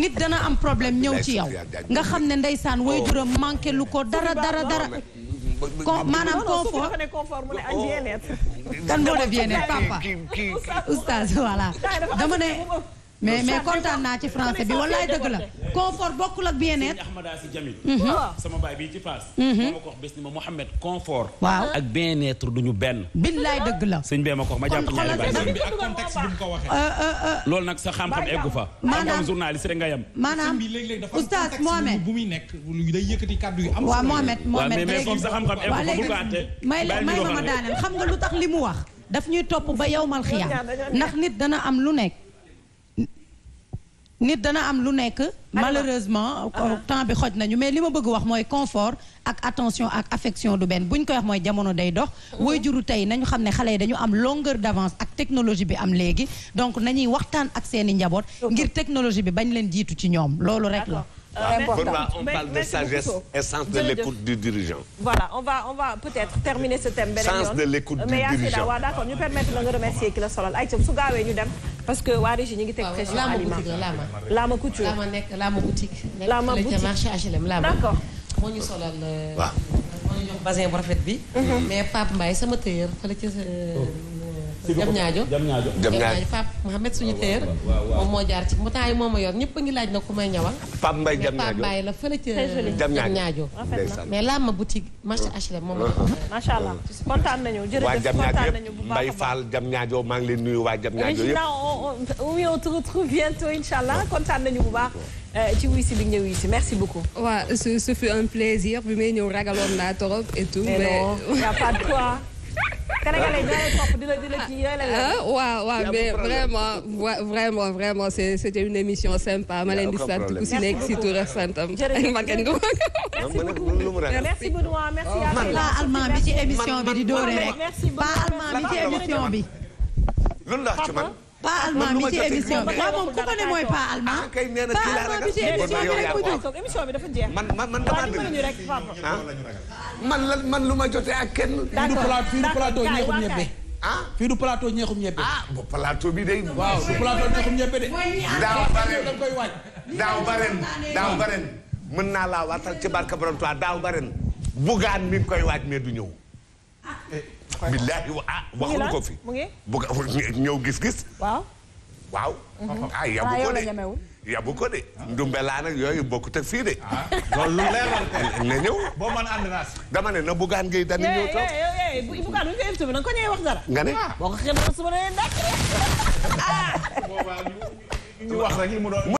nit dana am problème ñëw ci yow nga xam ne ndeysaan waajuram manqué lu ko dara dara dara comme maanaam confort oh, kan moo de bien-être papa oustaz dama ne mais mais kontaan naa ci français bi wallaay dëgg la confort bokkul ak bien-être ahmada si jamil mhm. sama baay bii ci Fass mhm. ma ko wax bés ni ma Mouhamed confort waaw ak bien-être duñu benn billaay dëgg la sëñ bee ma ko wax ma jàpp ñaari baay bi ak contexte bu mu ko waxee euh, euh, euh. loolu nag sa xam-xam eggu fa maanaam journaliste rek nga yam maanaam oustaz Mohamed bu muy nekk day yëkkati kàddu yu am waaw Mohamed Mohamed mais comme sa xam-xam eggu fa bul ko àtte may may ma ma daaneel xam nga lu tax li mu wax daf ñuy topp ba yowmal xiyaam ndax nit dana am lu nekk nit dana am lu nekk malheureusement ah. euh, temps bi xoj nañu mais li ma bëgg wax mooy confort ak attention ak affection du benn bu ñu koy wax mooy jamono day dox mm-hmm. woy juru tey nañu xam ne xale yi dañu am longueur d'avance ak technologie bi am léegi donc nañuy waxtaan ak seeni njaboot ngir technologie bi bañ leen jiitu ci ñoom loolu rek la euh, Voilà, on de sagesse et sens de l'écoute du dirigeant. ñu permettre la nga remercier ki la solal ay su gaawee ñu dem parce que waa Régis ñu ngi teg pression aliment Lama couture Lama nekk Lama boutique. Lama boutique nekk marché HLM Lama. d'accord moo ñu solal. Euh, waaw moo ñu jox basin bu rafet bi. Mhm. mais Pape Mbaye sama tëyër fële ca. Euh, oh. jam ñaajo jam ñaajo Pape Mohamed suñu ah, téer moom moo jaar ci mbootaay yi moo ma yor ñëpp a laaj na ku may ñawal Pape Mbaye jam ñaajo Pape Mbaye la fële ca jam ñaajo mais laa ma boutique marché HLM oh. H&M moom macha allah oh. kontaan nañu jërëjëf kontaan nañu bu baax Mbaye Fall jam ñaajo maa ngi leen nuyu waa jam ñaajo yëpp oui on te retrouve bientôt incha allah oh. kontaan nañu bu baax euh, ci wuy si bi nga wuy si merci beaucoup. waaw ce ce fut un plaisir bi may ñëw ragaloon naa torop et tout. mais non y a pas de quoi. Ah, waaw waaw mais vraiment vraiment vraiment c' c'était une émission sympa ma leen di sant ku si nekk si tur ak santam. jërëjëf merci Benoît merci oh, à allemand bi ci émission bi di doore rek. merci allemand bi ci émission bi. loolu laa ci man. pas allemand mi ci émission ah, bi bi dafa jeex. man man man damaa dégg ah? man lan man lu ma jotee ak kenn. d'accord fii du plateau ñeexum ah? bi day. waaw du plateau ñeexum ñebbe de. daaw baren daaw baren daaw mën naa laa waatal ci barka borom Tuubaa daaw baren bugaan mi koy waaj mais du ñëw. billahi wa ah waxuñu ko fi. mu ngi bu ñëw gis-gis. waaw. waaw. Mhm. ah yabu ko de yabu ah. ko de. ndumbelaan ak yooyu bokkut ak fii de. Ah, loolu lu leeral na ñëw. boo mën ànd naa si. dama ne na Bougane Gueye Dany ñëw toog. bu Bougane bu ñu koy invité bi na nga ko ñëwee wax dara. nga ne ah. boo ko xamee suba na leen dàkk. ñu wax rek mu doon.